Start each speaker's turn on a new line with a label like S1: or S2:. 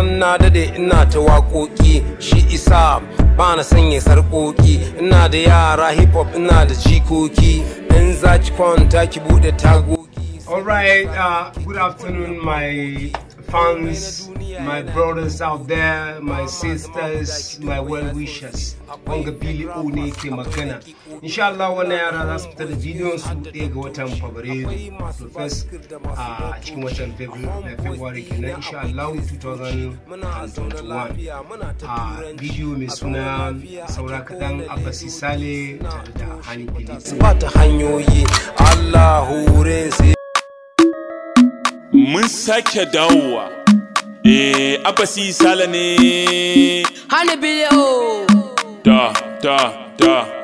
S1: san na dade ina ta waƙoƙi shi isa ba na sanya sarƙoƙi ina da yara hip hop ina da jikoki in za ki kwanta ki buɗe tagogi. All right, uh, good afternoon, my fans, my brothers out there, my sisters, my well wishers. Wanga Billy ne ke magana. Insha Allah yara za su fita da bidiyon su first a eh, February 2021. bidiyo mai suna saura Hani hanyoyi Allahu mun sake dawowa
S2: eh abasi sala ne
S3: hana biyu.
S2: da da da